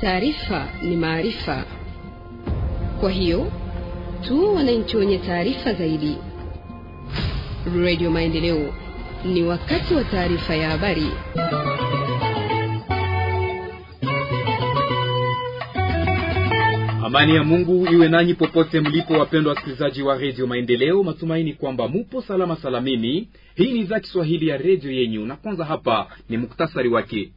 Taarifa ni maarifa, kwa hiyo tu wananchi wenye taarifa zaidi. Radio Maendeleo, ni wakati wa taarifa ya habari. Amani ya Mungu iwe nanyi popote mlipo, wapendwa wasikilizaji wa redio Maendeleo. Matumaini kwamba mupo salama salamini. Hii ni idhaa Kiswahili ya redio yenyu, na kwanza hapa ni muktasari wake.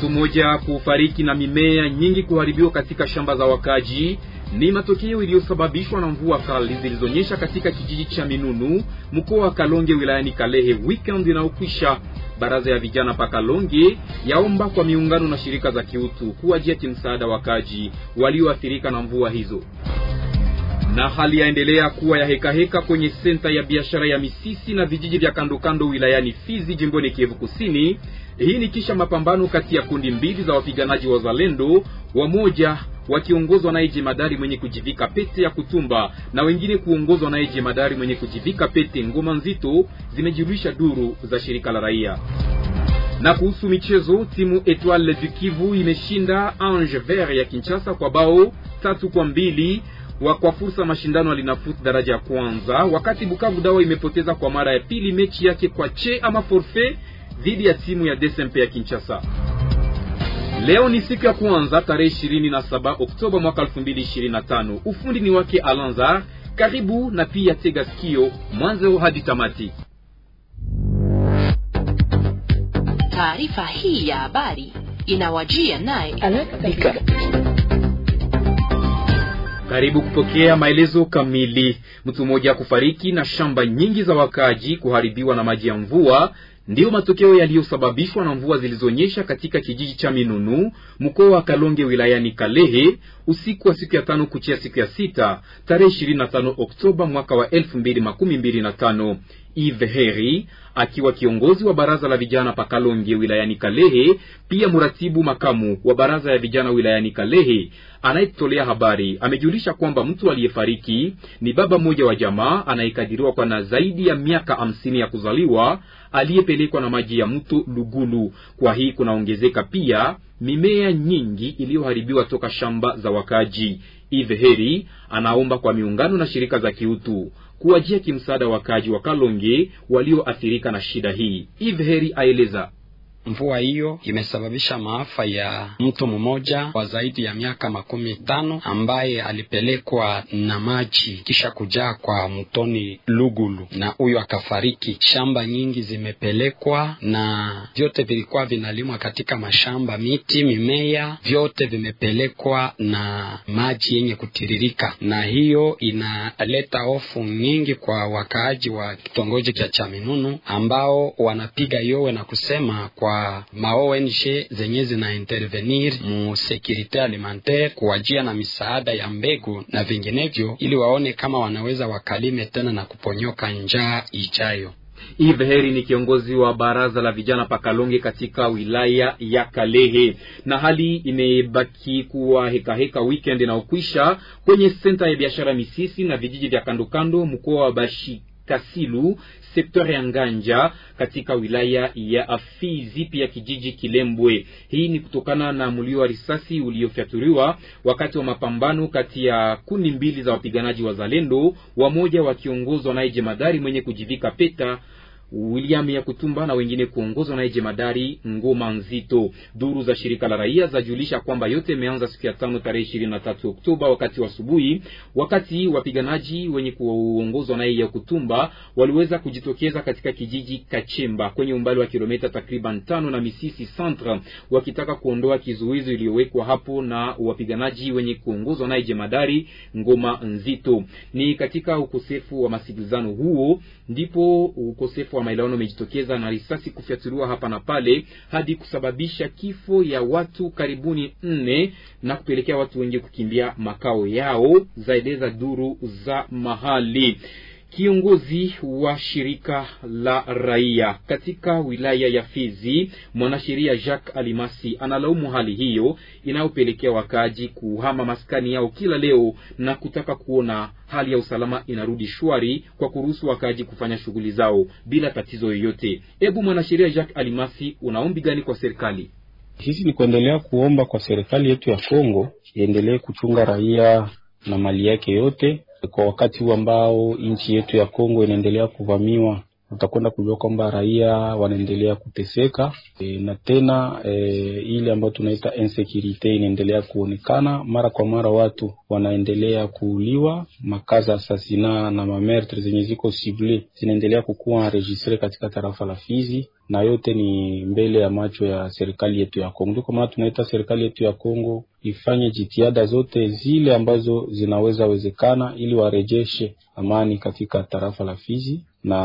Mtu mmoja kufariki na mimea nyingi kuharibiwa katika shamba za wakaji ni matokeo iliyosababishwa na mvua kali zilizonyesha katika kijiji cha Minunu, mkoa wa Kalonge, wilayani Kalehe weekend inayokwisha. Baraza ya vijana pa Kalonge yaomba kwa miungano na shirika za kiutu kuwajia kimsaada wakaji walioathirika na mvua hizo. Na hali yaendelea kuwa ya hekaheka heka kwenye senta ya biashara ya Misisi na vijiji vya kandokando wilayani Fizi, jimboni Kivu Kusini hii ni kisha mapambano kati ya kundi mbili za wapiganaji wa Zalendo, wamoja wakiongozwa naye jemadari mwenye kujivika pete ya kutumba na wengine kuongozwa naye jemadari mwenye kujivika pete ngoma nzito, zimejulisha duru za shirika la raia. Na kuhusu michezo, timu Etoile du Kivu imeshinda Ange Vert ya Kinshasa kwa bao tatu kwa mbili wa kwa fursa mashindano alinafuta daraja ya kwanza, wakati Bukavu Dawa imepoteza kwa mara ya pili mechi yake kwa che ama forfait dhidi ya timu ya DSMP ya Kinshasa. Leo ni siku ya kwanza tarehe 27 Oktoba mwaka 2025. Ufundi ni wake Alanzar. Karibu na pia tega sikio mwanzo hadi tamati. Taarifa hii ya habari inawajia naye karibu kupokea maelezo kamili. Mtu mmoja kufariki na shamba nyingi za wakaaji kuharibiwa na maji ya mvua ndiyo matokeo yaliyosababishwa na mvua zilizonyesha katika kijiji cha Minunu mkoa wa Kalonge wilayani Kalehe usiku wa siku ya tano kuchia siku ya sita tarehe tano Oktoba mwaka wa tano. Yves Heri akiwa kiongozi wa baraza la vijana pa Kalonge wilayani Kalehe, pia mratibu makamu wa baraza ya vijana wilayani Kalehe anayetolea habari amejulisha kwamba mtu aliyefariki ni baba mmoja wa jamaa anayekadiriwa kwa na zaidi ya miaka hamsini ya kuzaliwa aliyepelekwa na maji ya mto Lugulu. Kwa hii kunaongezeka pia mimea nyingi iliyoharibiwa toka shamba za wakaji. Ive Heri anaomba kwa miungano na shirika za kiutu kuwajia kimsaada wakaji wa Kalonge walioathirika na shida hii. Ive Heri aeleza Mvua hiyo imesababisha maafa ya mtu mmoja kwa zaidi ya miaka makumi tano ambaye alipelekwa na maji kisha kujaa kwa mtoni Lugulu na huyo akafariki. Shamba nyingi zimepelekwa na vyote vilikuwa vinalimwa katika mashamba, miti, mimea, vyote vimepelekwa na maji yenye kutiririka, na hiyo inaleta hofu nyingi kwa wakaaji wa kitongoji cha Chaminunu ambao wanapiga yowe na kusema kwa kwa ma ONG zenye zina intervenir mu securite alimentaire kuwajia na misaada ya mbegu na vinginevyo, ili waone kama wanaweza wakalime tena na kuponyoka njaa ijayo. Ive Heri ni kiongozi wa baraza la vijana Pakalonge katika wilaya ya Kalehe. Na hali imebaki kuwa hekaheka weekend ukwisha kwenye senta ya biashara Misisi na vijiji vya kandokando mkoa wa Bashi Kasilu sekta ya Nganja katika wilaya ya Afizi pia kijiji Kilembwe. Hii ni kutokana na mlio wa risasi uliofyaturiwa wakati wa mapambano kati ya kundi mbili za wapiganaji wa Zalendo, wamoja wakiongozwa naye jemadari mwenye kujivika peta William ya Kutumba na wengine kuongozwa naye jemadari Ngoma Nzito. Duru za shirika la raia zajulisha kwamba yote imeanza siku ya tano tarehe ishirini na tatu Oktoba wakati wa asubuhi, wakati wapiganaji wenye kuongozwa naye Kutumba waliweza kujitokeza katika kijiji Kachemba kwenye umbali wa kilomita takriban tano na Misisi Centre, wakitaka kuondoa kizuizi iliyowekwa hapo na wapiganaji wenye kuongozwa naye jemadari Ngoma Nzito. Ni katika ukosefu wa masikilizano huo ndipo ukosefu wa maelewano umejitokeza na risasi kufyatuliwa hapa na pale hadi kusababisha kifo ya watu karibuni nne na kupelekea watu wengi kukimbia makao yao, zaeleza duru za mahali. Kiongozi wa shirika la raia katika wilaya ya Fizi, mwanasheria Jacques Alimasi analaumu hali hiyo inayopelekea wakaaji kuhama maskani yao kila leo na kutaka kuona hali ya usalama inarudi shwari kwa kuruhusu wakaaji kufanya shughuli zao bila tatizo yoyote. Hebu mwanasheria Jacques Alimasi, unaombi gani kwa serikali? Sisi ni kuendelea kuomba kwa serikali yetu ya Kongo iendelee kuchunga raia na mali yake yote kwa wakati huu ambao nchi yetu ya Kongo inaendelea kuvamiwa, utakwenda kujua kwamba raia wanaendelea kuteseka e, na tena e, ile ambayo tunaita insecurity inaendelea kuonekana mara kwa mara, watu wanaendelea kuuliwa, makaza asasina na mamertre zenye ziko sible zinaendelea kukuwa enregistre katika tarafa la Fizi na yote ni mbele ya macho ya serikali yetu ya Kongo. Ndio kwa maana tunaita serikali yetu ya Kongo ifanye jitihada zote zile ambazo zinaweza wezekana ili warejeshe amani katika tarafa la Fizi na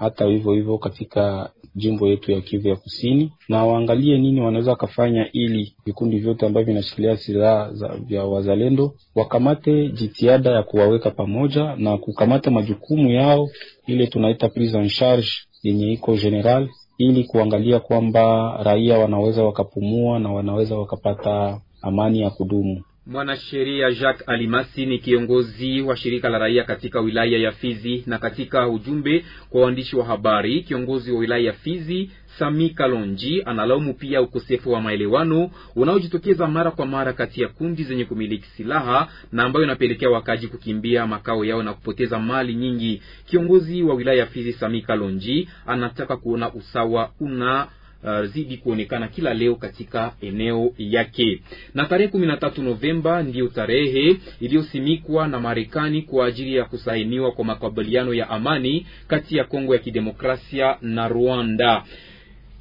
hata hivyo hivyo katika jimbo yetu ya Kivu ya Kusini, na waangalie nini wanaweza wakafanya ili vikundi vyote ambavyo vinashikilia silaha vya wazalendo wakamate jitihada ya kuwaweka pamoja na kukamata majukumu yao, ile tunaita prise en charge yenye iko general, ili kuangalia kwamba raia wanaweza wakapumua na wanaweza wakapata amani ya kudumu. Mwanasheria Jacques Alimasi ni kiongozi wa shirika la raia katika wilaya ya Fizi. Na katika ujumbe kwa waandishi wa habari, kiongozi wa wilaya ya Fizi Sami Kalonji analaumu pia ukosefu wa maelewano unaojitokeza mara kwa mara kati ya kundi zenye kumiliki silaha na ambayo inapelekea wakaji kukimbia makao yao na kupoteza mali nyingi. Kiongozi wa wilaya ya Fizi Sami Kalonji anataka kuona usawa una Uh, zidi kuonekana kila leo katika eneo yake. Na tarehe 13 Novemba ndiyo tarehe iliyosimikwa na Marekani kwa ajili ya kusainiwa kwa makubaliano ya amani kati ya Kongo ya Kidemokrasia na Rwanda.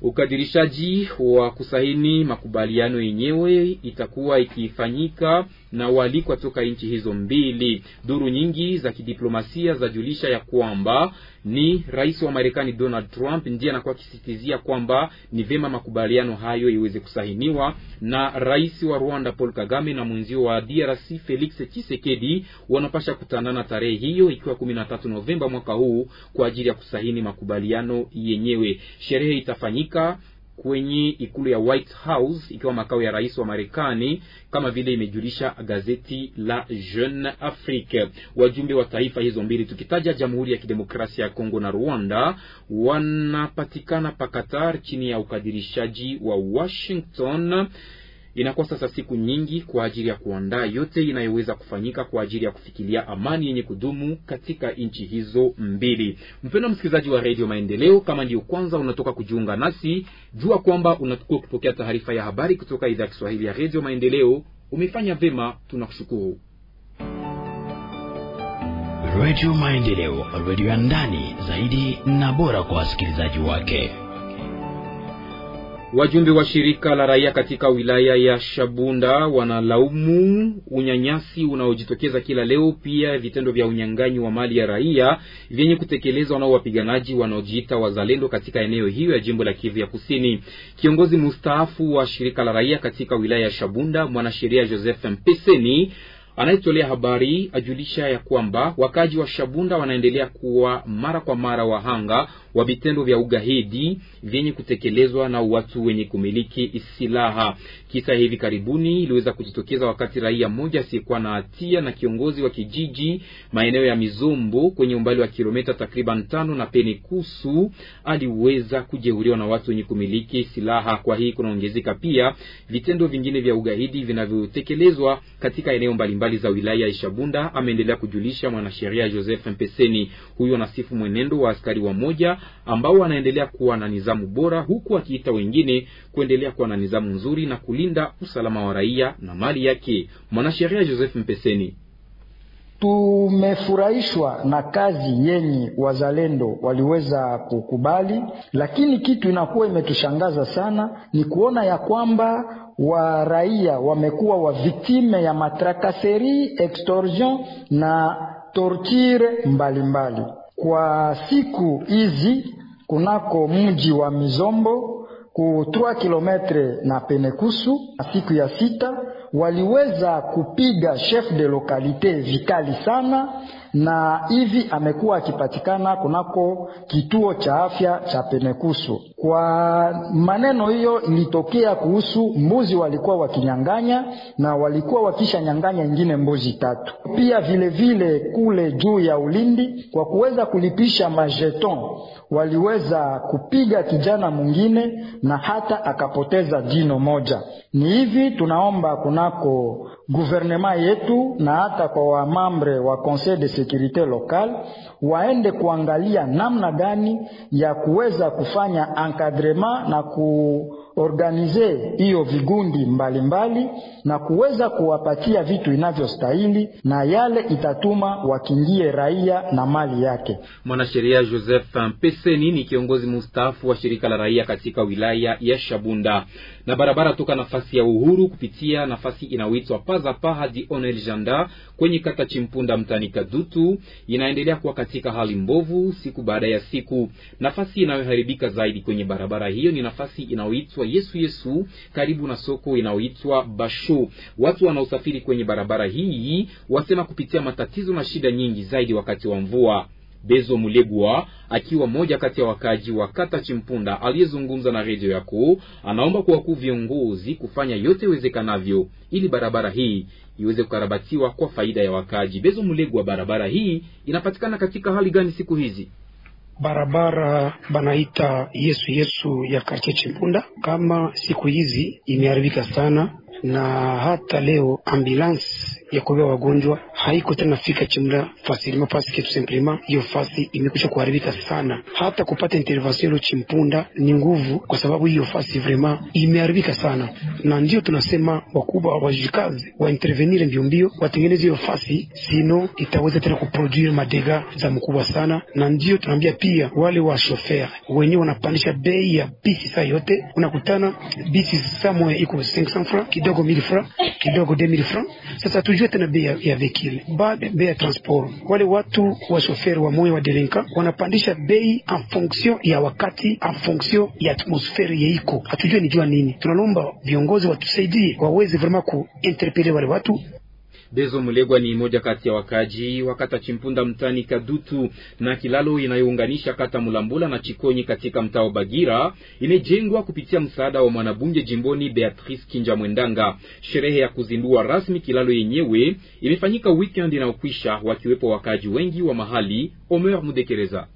Ukadirishaji wa kusaini makubaliano yenyewe itakuwa ikifanyika na walikwa toka nchi hizo mbili. Duru nyingi za kidiplomasia zajulisha ya kwamba ni rais wa Marekani Donald Trump ndiye anakuwa akisisitizia kwamba ni vyema makubaliano hayo iweze kusainiwa na rais wa Rwanda Paul Kagame na mwenzio wa DRC Felix Tshisekedi wanapasha kutanana tarehe hiyo ikiwa 13 Novemba mwaka huu kwa ajili ya kusahini makubaliano yenyewe. Sherehe itafanyika kufanyika kwenye ikulu ya White House ikiwa makao ya rais wa Marekani, kama vile imejulisha gazeti la Jeune Afrique. Wajumbe wa taifa hizo mbili, tukitaja Jamhuri ya Kidemokrasia ya Kongo na Rwanda, wanapatikana pa Qatar chini ya ukadirishaji wa Washington Inakuwa sasa siku nyingi kwa ajili ya kuandaa yote inayoweza kufanyika kwa ajili ya kufikilia amani yenye kudumu katika nchi hizo mbili. Mpendwa msikilizaji wa Redio Maendeleo, kama ndio kwanza unatoka kujiunga nasi, jua kwamba unakuwa kupokea taarifa ya habari kutoka idhaa ya Kiswahili ya Redio Maendeleo. Umefanya vema, tunakushukuru. Redio Maendeleo, redio ya ndani zaidi na bora kwa wasikilizaji wake. Wajumbe wa shirika la raia katika wilaya ya Shabunda wanalaumu unyanyasi unaojitokeza kila leo, pia vitendo vya unyang'anyi wa mali ya raia vyenye kutekelezwa na wapiganaji wanaojiita wazalendo katika eneo hiyo ya jimbo la Kivu ya Kusini. Kiongozi mustaafu wa shirika la raia katika wilaya ya Shabunda, mwanasheria Joseph Mpeseni Anayetolea habari ajulisha ya kwamba wakaji wa Shabunda wanaendelea kuwa mara kwa mara wahanga wa vitendo vya ugaidi vyenye kutekelezwa na watu wenye kumiliki silaha. Kisa hivi karibuni iliweza kujitokeza wakati raia mmoja asiyekuwa na hatia na kiongozi wa kijiji maeneo ya Mizombo kwenye umbali wa kilomita takriban tano na Peni Kusu aliweza kujeuriwa na watu wenye kumiliki silaha. Kwa hii kunaongezeka pia vitendo vingine vya ugaidi vinavyotekelezwa katika eneo mbalimbali mbalimbali za wilaya ya Ishabunda, ameendelea kujulisha mwanasheria Joseph Mpeseni. Huyo anasifu mwenendo wa askari wa moja ambao wanaendelea kuwa na nizamu bora, huku akiita wengine kuendelea kuwa na nizamu nzuri na kulinda usalama wa raia na mali yake. Mwanasheria Joseph Mpeseni Tumefurahishwa na kazi yenye wazalendo waliweza kukubali, lakini kitu inakuwa imetushangaza sana ni kuona ya kwamba waraia wamekuwa wa viktime ya matrakaseri, extorsion na torture mbalimbali mbali. Kwa siku hizi kunako mji wa Mizombo ku 3 kilometre na Penekusu, na siku ya sita waliweza kupiga chef de localité vikali sana, na hivi amekuwa akipatikana kunako kituo cha afya cha Penekusu. Kwa maneno hiyo ilitokea kuhusu mbuzi walikuwa wakinyang'anya, na walikuwa nyanganya ingine mbuzi tatu. Pia vile vile kule juu ya Ulindi, kwa kuweza kulipisha majeton, waliweza kupiga kijana mwingine na hata akapoteza jino moja. Ni hivi tunaomba kunako guvernema yetu na hata kwa wamambre wa Conseil de Securite local waende kuangalia namna gani ya kuweza kufanya encadrement na kuorganize hiyo vigundi mbalimbali mbali, na kuweza kuwapatia vitu inavyostahili na yale itatuma wakingie raia na mali yake. Mwanasheria Joseph Mpeseni ni kiongozi mustaafu wa shirika la raia katika wilaya ya Shabunda na barabara toka nafasi ya Uhuru kupitia nafasi inayoitwa Pazapa hadi Onel Janda kwenye kata Chimpunda mtani Kadutu inaendelea kuwa katika hali mbovu siku baada ya siku. Nafasi inayoharibika zaidi kwenye barabara hiyo ni nafasi inayoitwa Yesu Yesu karibu na soko inayoitwa Basho. Watu wanaosafiri kwenye barabara hii wasema kupitia matatizo na shida nyingi zaidi wakati wa mvua. Bezo Mulegwa akiwa mmoja kati ya wakaji wa kata Chimpunda aliyezungumza na redio yako, anaomba kwa wakuu viongozi kufanya yote iwezekanavyo ili barabara hii iweze kukarabatiwa kwa faida ya wakaji Bezo Mulegwa, barabara hii inapatikana katika hali gani siku hizi? Barabara banaita Yesu Yesu ya karche Chimpunda kama siku hizi imeharibika sana, na hata leo ambulansi ya kubeba wagonjwa haiko tena fika chimla fasilima pasi kitu simplima, hiyo fasi imekwisha kuharibika sana. Hata kupata intervention ilo chimpunda ni nguvu, kwa sababu hiyo fasi vrema imeharibika sana, na ndio tunasema wakubwa wajikazi wa intervenire mbio mbio, watengeneze hiyo fasi, sino itaweza tena kuproduire madega za mkubwa sana. Na ndio tunaambia pia wale wa shofer wenye wanapandisha bei ya bisi saa yote, unakutana bisi samwe iko 500 francs kidogo 1000 francs kidogo 2000 francs sasa tu hatujue tena bei ya vekile ba bei ya transport. Wale watu wa shoferi wa moyo wa delinka wanapandisha bei en fonction ya wakati, en fonction ya atmosfere yeiko, hatujue jua nini. Tunalomba viongozi watusaidie waweze vraiment kuinterpele wale watu. Bezo Mulegwa ni moja kati ya wakaji wa kata Chimpunda mtani Kadutu, na kilalo inayounganisha kata Mulambula na Chikonyi katika mtaa Bagira imejengwa kupitia msaada wa mwanabunge jimboni Beatrice Kinja Mwendanga. Sherehe ya kuzindua rasmi kilalo yenyewe imefanyika weekend inayokwisha, wakiwepo wakaji wengi wa mahali. Omer Mudekereza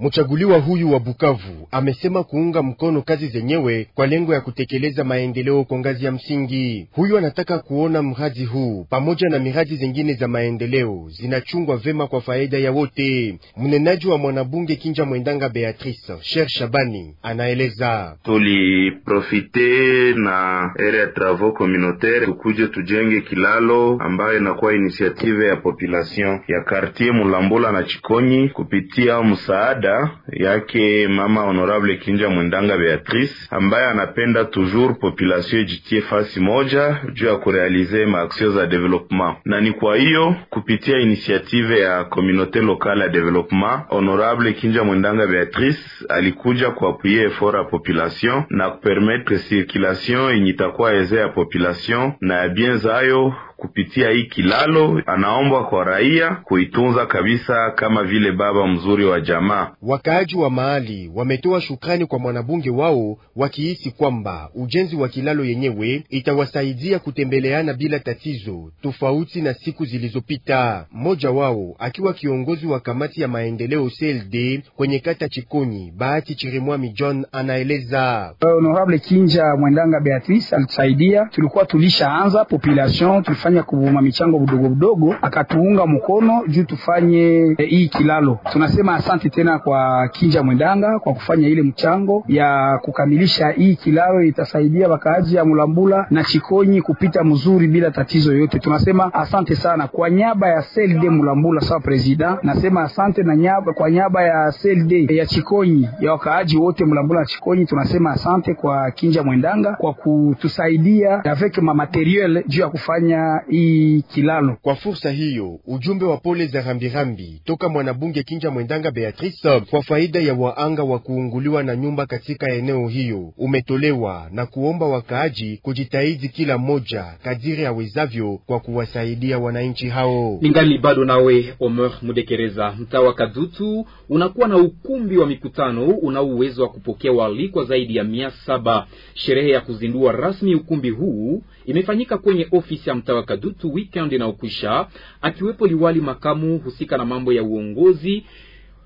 Mchaguliwa huyu wa Bukavu amesema kuunga mkono kazi zenyewe kwa lengo ya kutekeleza maendeleo kwa ngazi ya msingi. Huyu anataka kuona mradi huu pamoja na miradi zingine za maendeleo zinachungwa vema kwa faida ya wote. Mnenaji wa mwanabunge Kinja Mwendanga Beatrice Sher Shabani anaeleza: tuliprofite na ere ya travaux communautaire tukuje tujenge kilalo ambayo inakuwa initiative ya population ya quartier Mulambula na Chikonyi kupitia msaada dada yake mama Honorable Kinja Mwendanga Beatrice, ambaye anapenda toujours population ejitie fasi moja juu ya kurealize maaksio za development, na ni kwa hiyo kupitia initiative ya communauté locale ya development, Honorable Kinja Mwendanga Beatrice alikuja kuapuye effort ya population na kupermettre circulation yenye itakuwa eze ya population na ya bien zayo kupitia hii kilalo. Anaomba kwa raia kuitunza kabisa kama vile baba mzuri wa jamaa. Wakaaji wa mahali wametoa shukrani kwa mwanabunge wao, wakihisi kwamba ujenzi wa kilalo yenyewe itawasaidia kutembeleana bila tatizo, tofauti na siku zilizopita. Mmoja wao akiwa kiongozi wa kamati ya maendeleo CLD kwenye kata Chikonyi, Bahati Chirimwami John anaeleza. Honorable Kinja Mwendanga Beatrice alitusaidia, tulikuwa tulishaanza population tulifanya kuvuma michango budogo budogo, akatuunga mkono juu tufanye eh, hii e, kilalo. Tunasema asante tena kwa Kinja Mwendanga kwa kufanya ile mchango ya kukamilisha hii kilalo, itasaidia wakaaji ya Mulambula na Chikonyi kupita mzuri bila tatizo yoyote. Tunasema asante sana kwa nyaba ya CLD Mulambula, sawa president, nasema asante na nyaba, kwa nyaba ya CLD ya Chikonyi ya wakaaji wote Mulambula na Chikonyi, tunasema asante kwa Kinja Mwendanga kwa kutusaidia avec ma materiel juu ya kufanya hii kilalo. Kwa fursa hiyo, ujumbe wa pole za rambirambi toka mwanabunge Kinja Mwendanga Beatrice kwa faida ya waanga wa kuunguliwa na nyumba katika eneo hiyo umetolewa na kuomba wakaaji kujitahidi kila mmoja kadiri awezavyo kwa kuwasaidia wananchi hao. Ningali bado nawe Omer Mudekereza, mtaa wa Kadutu unakuwa na ukumbi wa mikutano unao uwezo wa kupokea waalikwa zaidi ya mia saba. Sherehe ya kuzindua rasmi ukumbi huu imefanyika kwenye ofisi ya mtaa Kadutu weekend inayokwisha, akiwepo liwali makamu husika na mambo ya uongozi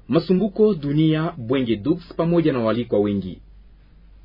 Masumbuko Dunia Bwenge Dux pamoja na walikwa wengi.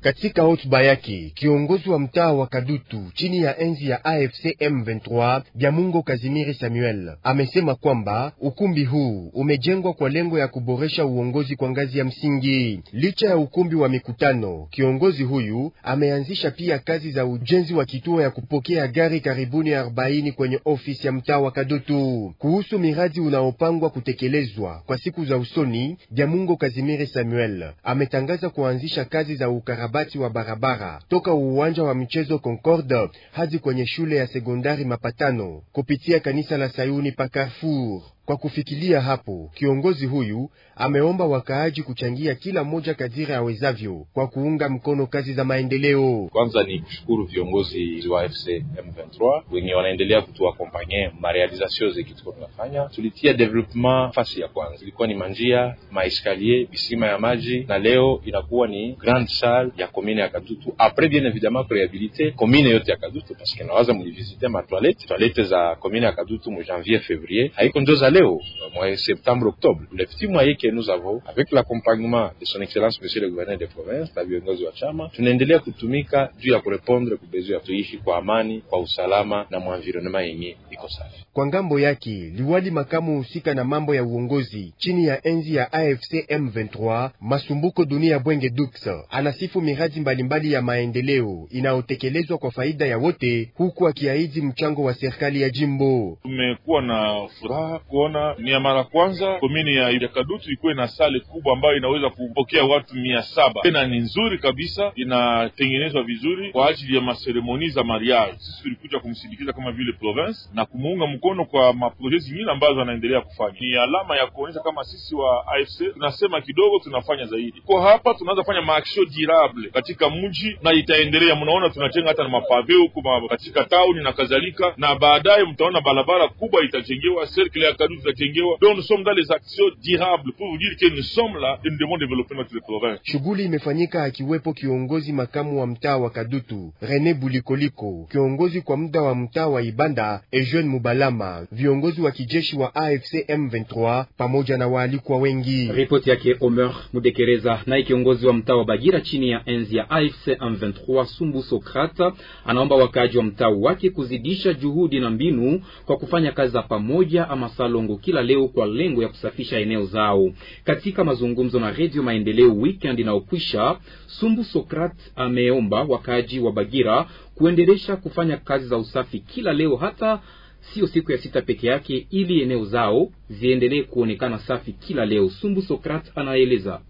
Katika hotuba yake kiongozi wa mtaa wa Kadutu chini ya enzi ya AFC M23 mungo Kazimiri Samuel amesema kwamba ukumbi huu umejengwa kwa lengo ya kuboresha uongozi kwa ngazi ya msingi. Licha ya ukumbi wa mikutano, kiongozi huyu ameanzisha pia kazi za ujenzi wa kituo ya kupokea gari karibuni 40 kwenye ofisi ya mtaa wa Kadutu. Kuhusu miradi unaopangwa kutekelezwa kwa siku za usoni, mungo Kazimiri Samuel ametangaza kuanzisha kazi za ukarabati ukarabati wa barabara toka uwanja wa michezo Concorde hadi kwenye shule ya sekondari Mapatano kupitia kanisa la Sayuni pa Carrefour. Kwa kufikilia hapo, kiongozi huyu ameomba wakaaji kuchangia kila mmoja kadiri awezavyo kwa kuunga mkono kazi za maendeleo. Kwanza ni kushukuru viongozi wa FC M23 wenye wanaendelea kutuakompanye marealizasio ze tuko tunafanya. Tulitia development fasi ya kwanza ilikuwa ni manjia, maeskalier, visima ya maji, na leo inakuwa ni grande salle ya komine ya Kadutu, apres bien evidemment kurehabilite komine yote ya Kadutu, paske nawaza mulivizite matoilete toilete za komine ya Kadutu mu janvier fevrier haiko njoza leo euh, mois septembre octobre, les petits moyens que nous avons avec l'accompagnement de son excellence monsieur le gouverneur de province na viongozi wa chama, tunaendelea kutumika juu ya kurepondre kubezia tuishi kwa amani, kwa usalama na mwanvironema yenye iko safi. Kwa ngambo yake liwali makamu husika na mambo ya uongozi chini ya enzi ya AFC M23 Masumbuko Dunia Bwenge Dux anasifu miradi mbalimbali ya maendeleo inayotekelezwa kwa faida ya wote, huku akiahidi mchango wa serikali ya jimbo. Tumekuwa na furaha kwa kuona ni ya mara kwanza komini ya Kadutu ikuwe na sale kubwa ambayo inaweza kupokea watu mia saba tena ni nzuri kabisa, inatengenezwa vizuri kwa ajili ya maseremoni za mariage. Sisi tulikuja kumsindikiza kama vile province na kumuunga mkono kwa maproje zingine ambazo anaendelea kufanya. Ni alama ya kuonyesha kama sisi wa AFC tunasema kidogo, tunafanya zaidi. Kwa hapa tunaweza kufanya maaction durable katika mji na itaendelea. Mnaona tunajenga hata na mapave huko katika tauni na kadhalika, na baadaye mtaona barabara kubwa itajengewa circle ya Kadutu tutajengewa. Donc nous sommes dans les actions durables pour vous dire que nous sommes là et nous devons développer notre province. Shughuli imefanyika akiwepo kiongozi makamu wa mtaa wa Kadutu Rene Bulikoliko, kiongozi kwa muda wa mtaa wa Ibanda Eugene Mubalama, viongozi wa kijeshi wa AFC M23 pamoja na waalikwa wengi. Ripoti yake Omer Mudekereza. Naye kiongozi wa mtaa wa Bagira chini ya enzi ya AFC M23 Sumbu Sokrata anaomba wakaaji wa mtaa wake kuzidisha juhudi na mbinu kwa kufanya kazi za pamoja ama salon Kongo kila leo kwa lengo ya kusafisha eneo zao. Katika mazungumzo na Redio Maendeleo weekend okwisha Sumbu Sokrat ameomba wakaaji wa Bagira kuendelesha kufanya kazi za usafi kila leo hata sio siku ya sita peke yake, ili eneo zao ziendelee kuonekana safi kila leo. Sumbu Sokrat anaeleza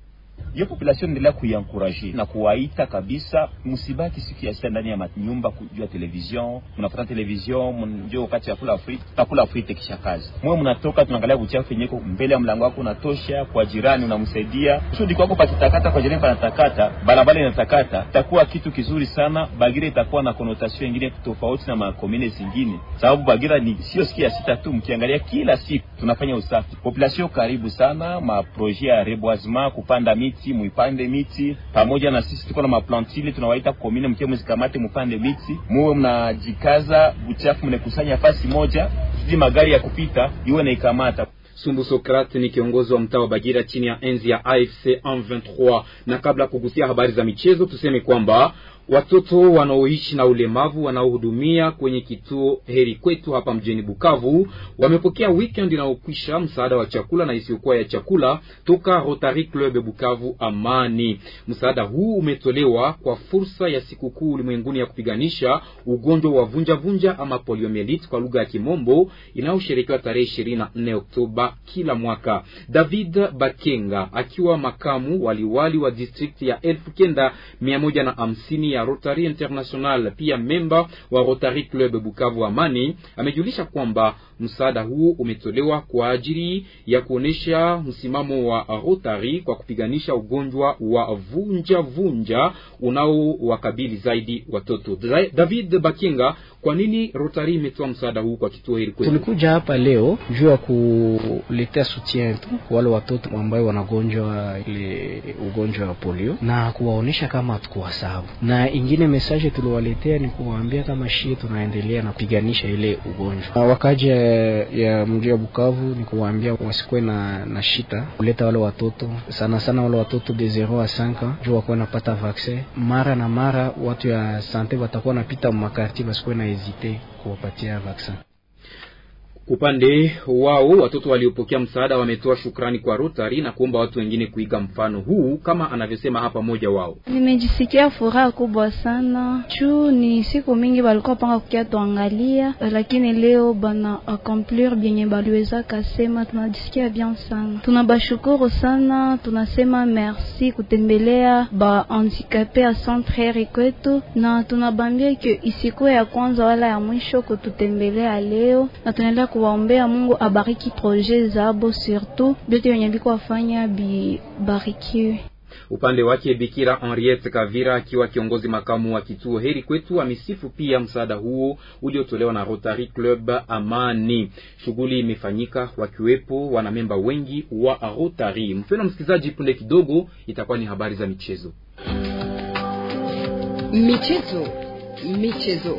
hiyo population endelea kuiankuraje na kuwaita kabisa, msibaki siku ya sita ndani ya nyumba kujua television, mnafuata television mnajua wakati ya kula frite na kula frite kisha kazi mwe mnatoka, tunaangalia uchafu yenyeko mbele ya mlango wako, unatosha kwa jirani, unamsaidia kusudi kwako pakitakata kwa jirani panatakata, barabara inatakata, itakuwa kitu kizuri sana. Bagira itakuwa na konotasio nyingine tofauti na makomine zingine, sababu Bagira ni sio siku ya sita tu, mkiangalia kila siku tunafanya usafi population karibu sana, maprojet ya reboisement kupanda miti, muipande miti pamoja na sisi. Tuko na maplantile tunawaita komine, mkie mzikamate, mupande miti, muwe mnajikaza, buchafu mnakusanya fasi moja, siji magari ya kupita iwe na ikamata. Sumbu sokrat ni kiongozi wa mtaa wa Bagira chini ya enzi ya AFC M23. Na kabla kugusia habari za michezo, tuseme kwamba watoto wanaoishi na ulemavu wanaohudumia kwenye kituo Heri Kwetu hapa mjini Bukavu wamepokea weekend inayokwisha msaada wa chakula na isiyokuwa ya chakula toka Rotary Club Bukavu Amani. Msaada huu umetolewa kwa fursa ya sikukuu ulimwenguni ya kupiganisha ugonjwa wa vunjavunja ama poliomyelitis kwa lugha ya Kimombo inayosherekewa tarehe ishirini na nne Oktoba kila mwaka. David Bakenga akiwa makamu waliwali wa distrikti ya elfu kenda mia moja na hamsini ya Rotary International pia memba wa Rotary Club Bukavu Amani amejulisha kwamba msaada huu umetolewa kwa ajili ya kuonesha msimamo wa Rotary kwa kupiganisha ugonjwa wa vunja vunja unaowakabili zaidi watoto. David Bakinga, kwa nini Rotary imetoa msaada huu kwa kituo hili kwetu? Tulikuja hapa leo juu ya kuletea soutien tu wale watoto ambao wanagonjwa ile ugonjwa wa polio na kuwaonesha kama hatukuwasahabu na ingine message tuliwaletea ni kuwaambia kama shie tunaendelea na piganisha ile ugonjwa. Wakaji ya mji wa Bukavu ni kuwaambia wasikuwe na, na shita kuleta wale watoto sana sana wale watoto de zero a 5 juu wakuwa napata vaksin mara na mara. Watu ya sante watakuwa napita makarti, wasikuwe na hesite kuwapatia vaksin. Upande wao watoto waliopokea msaada wametoa shukrani kwa Rotary na kuomba watu wengine kuiga mfano huu, kama anavyosema hapa moja wao. Nimejisikia furaha kubwa sana juu ni siku mingi walikuwa panga kukia tuangalia, lakini leo bana accomplir byenye baliweza kasema. Tunajisikia bien sana, tunabashukuru sana, tunasema merci kutembelea ba handicapé a centre ere kwetu, na tunabambia ke isikuwe ya kwanza wala ya mwisho kututembelea leo na tunaendelea kuwaombea Mungu abariki proje zabo, surtout byote wenye biko wafanya bibarikiwe. Upande wake Bikira Henriette Kavira akiwa kiongozi makamu wa kituo Heri Kwetu amesifu pia msaada huo uliotolewa na Rotary Club Amani. Shughuli imefanyika wakiwepo wanamemba wengi wa Rotary. Mfano msikilizaji, punde kidogo itakuwa ni habari za michezo. Michezo, michezo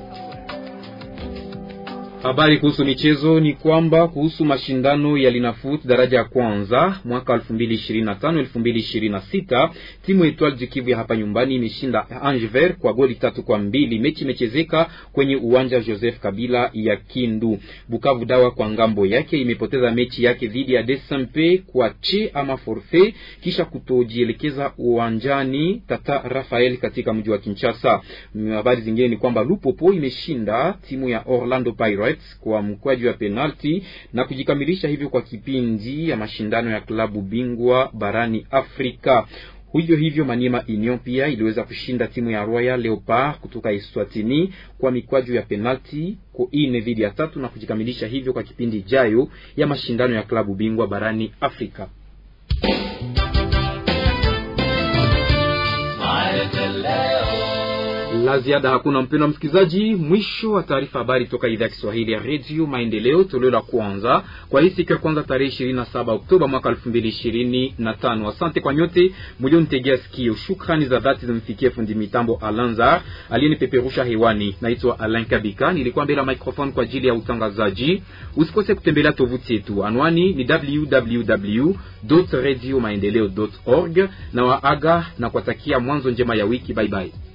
Habari kuhusu michezo ni kwamba kuhusu mashindano ya Linafoot daraja ya kwanza mwaka 2025 2026, timu Etoile du Kivu ya hapa nyumbani imeshinda Angever kwa goli tatu kwa mbili. Mechi imechezeka kwenye uwanja Joseph Kabila ya Kindu. Bukavu Dawa kwa ngambo yake imepoteza mechi yake dhidi ya Desempe kwa che ama forfait kisha kutojielekeza uwanjani Tata Rafael katika mji wa Kinshasa. Habari zingine ni kwamba Lupopo imeshinda timu ya Orlando Pirates Emirates kwa mkwaju wa penalti na kujikamilisha hivyo kwa kipindi ya mashindano ya klabu bingwa barani Afrika. Hivyo hivyo Maniema Union pia iliweza kushinda timu ya Royal Leopard kutoka Eswatini kwa mikwaju ya penalti kwa ine dhidi ya tatu na kujikamilisha hivyo kwa kipindi ijayo ya mashindano ya klabu bingwa barani Afrika. la ziada hakuna, mpendwa msikilizaji. Mwisho wa taarifa habari toka idhaa ya Kiswahili ya redio Maendeleo, toleo la kwanza kwa hii siku ya kwanza tarehe ishirini na saba Oktoba mwaka elfu mbili ishirini na tano. Asante kwa nyote mlionitegea sikio. Shukrani za dhati zimfikie fundi mitambo Alanzar aliyenipeperusha hewani. Naitwa Alain Kabika, nilikuwa mbele ya microphone kwa ajili ya utangazaji. Usikose kutembelea tovuti yetu, anwani ni www radio maendeleo org. Na waaga na kuwatakia mwanzo njema ya wiki. Baibai.